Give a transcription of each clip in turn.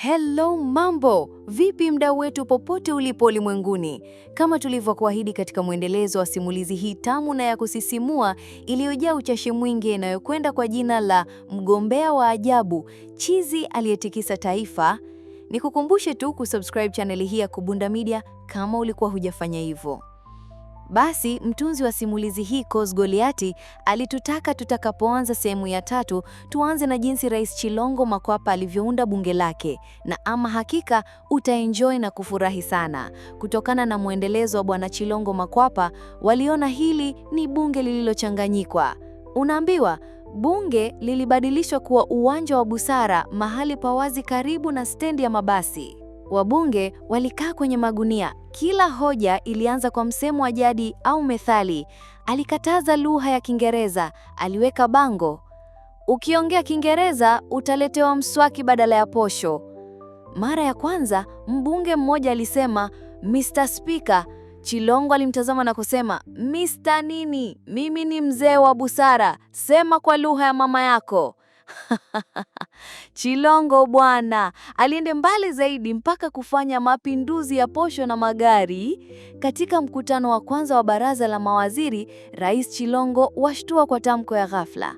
Hello mambo, vipi mdau wetu popote ulipo ulimwenguni? Kama tulivyokuahidi katika mwendelezo wa simulizi hii tamu na ya kusisimua iliyojaa uchashi mwingi inayokwenda kwa jina la Mgombea wa Ajabu, Chizi aliyetikisa Taifa, nikukumbushe tu kusubscribe chaneli hii ya Kubunda Media kama ulikuwa hujafanya hivyo. Basi mtunzi wa simulizi hii Coz Goliati alitutaka tutakapoanza sehemu ya tatu tuanze na jinsi Rais Chilongo Makwapa alivyounda bunge lake, na ama hakika utaenjoy na kufurahi sana. Kutokana na mwendelezo wa Bwana Chilongo Makwapa, waliona hili ni bunge lililochanganyikwa. Unaambiwa bunge lilibadilishwa kuwa uwanja wa busara, mahali pa wazi karibu na stendi ya mabasi. Wabunge walikaa kwenye magunia. Kila hoja ilianza kwa msemo wa jadi au methali. Alikataza lugha ya Kiingereza, aliweka bango: ukiongea Kiingereza utaletewa mswaki badala ya posho. Mara ya kwanza mbunge mmoja alisema Mr. Speaker. Chilongo alimtazama na kusema Mr. nini? Mimi ni mzee wa busara, sema kwa lugha ya mama yako. Chilongo bwana aliende mbali zaidi mpaka kufanya mapinduzi ya posho na magari. Katika mkutano wa kwanza wa baraza la mawaziri, Rais Chilongo washtua kwa tamko ya ghafla.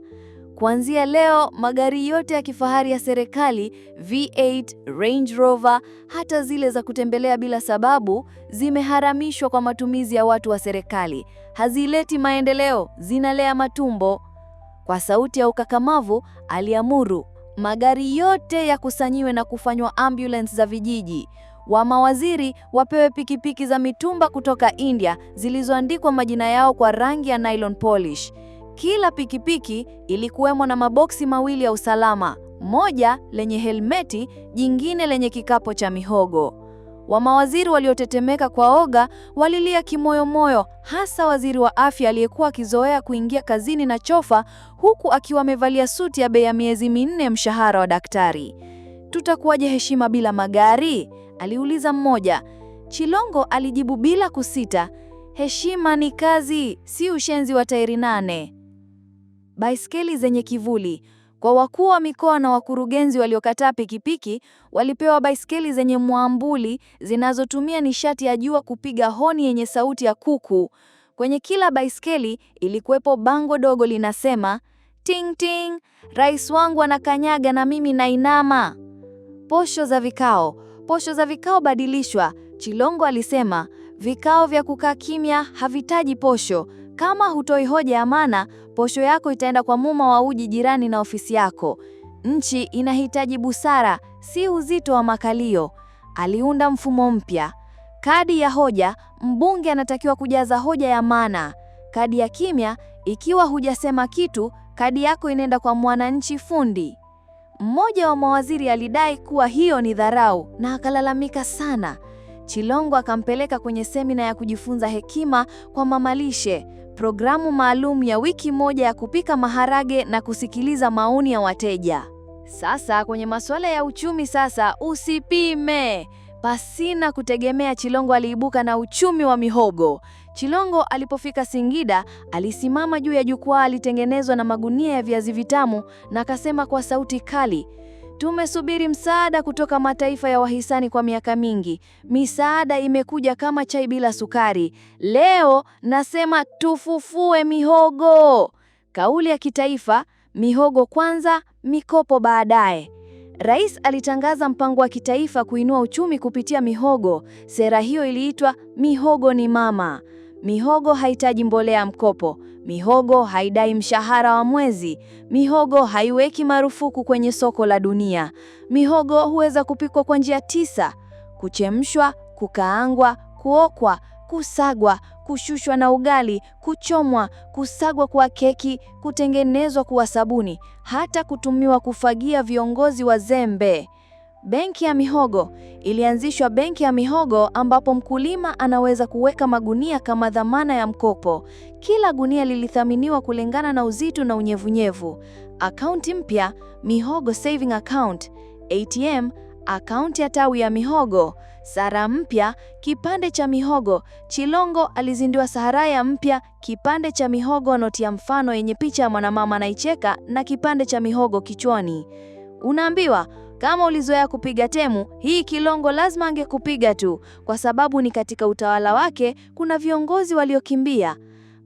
Kuanzia leo magari yote ya kifahari ya serikali V8, Range Rover, hata zile za kutembelea bila sababu zimeharamishwa kwa matumizi ya watu wa serikali. Hazileti maendeleo, zinalea matumbo. Kwa sauti ya ukakamavu aliamuru magari yote yakusanyiwe na kufanywa ambulance za vijiji. Wa mawaziri wapewe pikipiki za mitumba kutoka India zilizoandikwa majina yao kwa rangi ya nylon polish. Kila pikipiki ilikuwemo na maboksi mawili ya usalama, moja lenye helmeti, jingine lenye kikapo cha mihogo wa mawaziri waliotetemeka kwa oga walilia kimoyomoyo, hasa waziri wa afya aliyekuwa akizoea kuingia kazini na chofa, huku akiwa amevalia suti ya bei ya miezi minne ya mshahara wa daktari. Tutakuwaje heshima bila magari? aliuliza mmoja. Chilongo alijibu bila kusita, heshima ni kazi, si ushenzi wa tairi nane. Baiskeli zenye kivuli kwa wakuu wa mikoa na wakurugenzi waliokataa pikipiki, walipewa baiskeli zenye mwambuli zinazotumia nishati ya jua kupiga honi yenye sauti ya kuku. Kwenye kila baiskeli ilikuwepo bango dogo linasema, ting ting, rais wangu anakanyaga na mimi nainama. Posho za vikao. Posho za vikao badilishwa. Chilongo alisema, vikao vya kukaa kimya havitaji posho. Kama hutoi hoja ya maana, Posho yako itaenda kwa muma wa uji jirani na ofisi yako. Nchi inahitaji busara, si uzito wa makalio. Aliunda mfumo mpya. Kadi ya hoja, mbunge anatakiwa kujaza hoja ya maana. Kadi ya kimya, ikiwa hujasema kitu, kadi yako inaenda kwa mwananchi fundi. Mmoja wa mawaziri alidai kuwa hiyo ni dharau na akalalamika sana. Chilongo akampeleka kwenye semina ya kujifunza hekima kwa mamalishe programu maalum ya wiki moja ya kupika maharage na kusikiliza maoni ya wateja. Sasa kwenye masuala ya uchumi, sasa usipime pasina kutegemea. Chilongo aliibuka na uchumi wa mihogo. Chilongo alipofika Singida, alisimama juu ya jukwaa alitengenezwa na magunia ya viazi vitamu na akasema kwa sauti kali, Tumesubiri msaada kutoka mataifa ya wahisani kwa miaka mingi. Misaada imekuja kama chai bila sukari. Leo nasema tufufue mihogo. Kauli ya kitaifa, mihogo kwanza, mikopo baadaye. Rais alitangaza mpango wa kitaifa kuinua uchumi kupitia mihogo. Sera hiyo iliitwa Mihogo ni Mama. Mihogo haitaji mbolea mkopo. Mihogo haidai mshahara wa mwezi. Mihogo haiweki marufuku kwenye soko la dunia. Mihogo huweza kupikwa kwa njia tisa: kuchemshwa, kukaangwa, kuokwa, kusagwa, kushushwa na ugali, kuchomwa, kusagwa kwa keki, kutengenezwa kuwa sabuni, hata kutumiwa kufagia viongozi wazembe. Benki ya mihogo ilianzishwa. Benki ya mihogo ambapo mkulima anaweza kuweka magunia kama dhamana ya mkopo. Kila gunia lilithaminiwa kulingana na uzito na unyevunyevu. Akaunti mpya, mihogo saving account, ATM, akaunti ya tawi ya mihogo, sara mpya, kipande cha mihogo. Chilongo alizindua saharaya mpya, kipande cha mihogo, noti ya mfano yenye picha ya mwanamama anaicheka na kipande cha mihogo kichwani. Unaambiwa kama ulizoea kupiga temu, hii Kilongo lazima angekupiga tu, kwa sababu ni katika utawala wake kuna viongozi waliokimbia.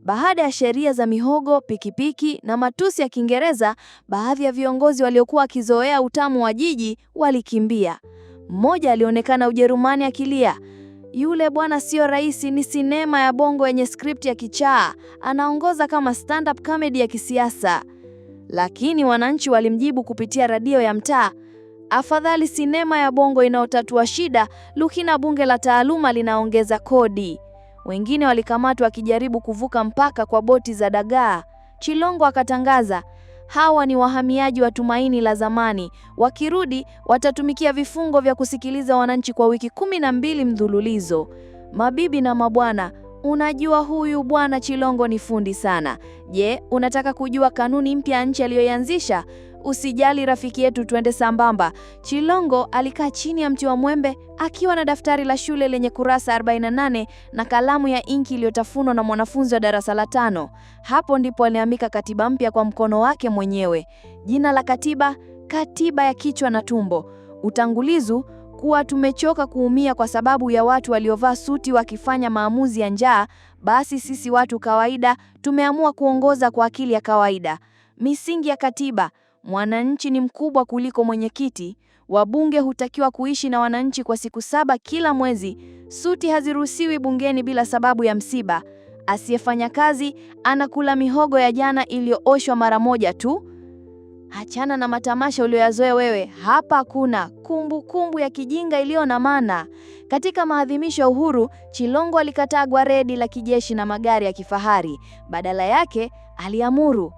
Baada ya sheria za mihogo, pikipiki na matusi ya Kiingereza, baadhi ya viongozi waliokuwa wakizoea utamu wa jiji walikimbia. Mmoja alionekana Ujerumani akilia, yule bwana sio rais, ni sinema ya bongo yenye skripti ya kichaa, anaongoza kama stand up comedy ya kisiasa. Lakini wananchi walimjibu kupitia radio ya mtaa, Afadhali sinema ya bongo inayotatua shida, lukina bunge la taaluma linaongeza kodi. Wengine walikamatwa wakijaribu kuvuka mpaka kwa boti za dagaa. Chilongo akatangaza, hawa ni wahamiaji wa tumaini la zamani, wakirudi watatumikia vifungo vya kusikiliza wananchi kwa wiki kumi na mbili mdhululizo. Mabibi na mabwana, unajua huyu bwana Chilongo ni fundi sana. Je, unataka kujua kanuni mpya nchi aliyoianzisha? Usijali rafiki yetu, twende sambamba. Chilongo alikaa chini ya mti wa mwembe akiwa na daftari la shule lenye kurasa 48 na kalamu ya inki iliyotafunwa na mwanafunzi wa darasa la tano. Hapo ndipo aliamika katiba mpya kwa mkono wake mwenyewe. Jina la katiba, katiba ya kichwa na tumbo. Utangulizu kuwa tumechoka kuumia kwa sababu ya watu waliovaa suti wakifanya maamuzi ya njaa, basi sisi watu kawaida tumeamua kuongoza kwa akili ya kawaida. Misingi ya katiba Mwananchi ni mkubwa kuliko mwenyekiti. Wabunge hutakiwa kuishi na wananchi kwa siku saba kila mwezi. Suti haziruhusiwi bungeni bila sababu ya msiba. Asiyefanya kazi anakula mihogo ya jana iliyooshwa mara moja tu. Achana na matamasha uliyoyazoea wewe. Hapa kuna kumbukumbu ya kijinga iliyo na maana. Katika maadhimisho ya uhuru, Chilongo alikataa gwaredi la kijeshi na magari ya kifahari. Badala yake aliamuru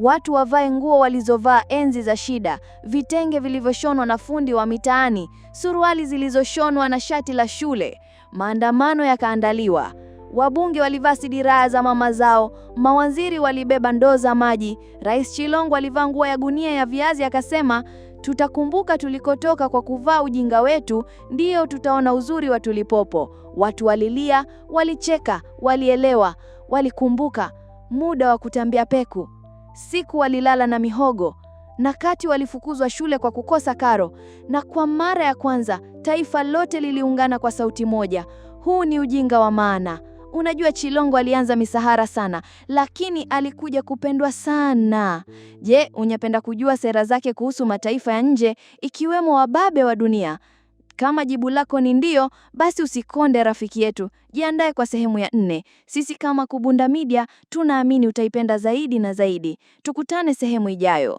Watu wavae nguo walizovaa enzi za shida, vitenge vilivyoshonwa na fundi wa mitaani, suruali zilizoshonwa na shati la shule. Maandamano yakaandaliwa. Wabunge walivaa sidiraa za mama zao, mawaziri walibeba ndoo za maji. Rais Chilongo alivaa nguo ya gunia ya viazi, akasema, tutakumbuka tulikotoka kwa kuvaa ujinga wetu, ndiyo tutaona uzuri wa tulipopo. Watu walilia, walicheka, walielewa, walikumbuka muda wa kutambia peku siku walilala na mihogo, na kati walifukuzwa shule kwa kukosa karo, na kwa mara ya kwanza taifa lote liliungana kwa sauti moja. Huu ni ujinga wa maana. Unajua, Chilongo alianza misahara sana, lakini alikuja kupendwa sana. Je, unyapenda kujua sera zake kuhusu mataifa ya nje, ikiwemo wababe wa dunia? Kama jibu lako ni ndio, basi usikonde rafiki yetu. Jiandae kwa sehemu ya nne. Sisi kama Kubunda Media tunaamini utaipenda zaidi na zaidi. Tukutane sehemu ijayo.